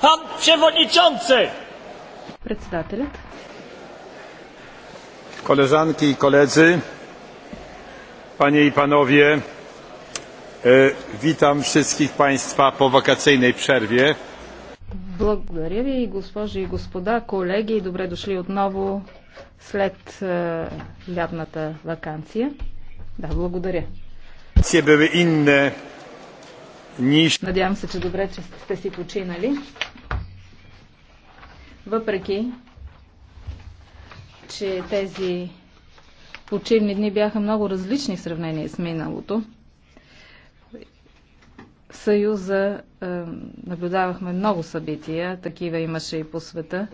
Pan przewodniczący! Председателят. Koleżanki i koledzy, panie i panowie, e, witam wszystkich państwa po wakacyjnej przerwie. Благодаря ви, госпожи и господа, колеги, добре дошли отново след е, лятната вакансия. Да, благодаря. Надявам се, че добре, че сте си починали. Въпреки, че тези почивни дни бяха много различни в сравнение с миналото, в Съюза наблюдавахме много събития, такива имаше и по света.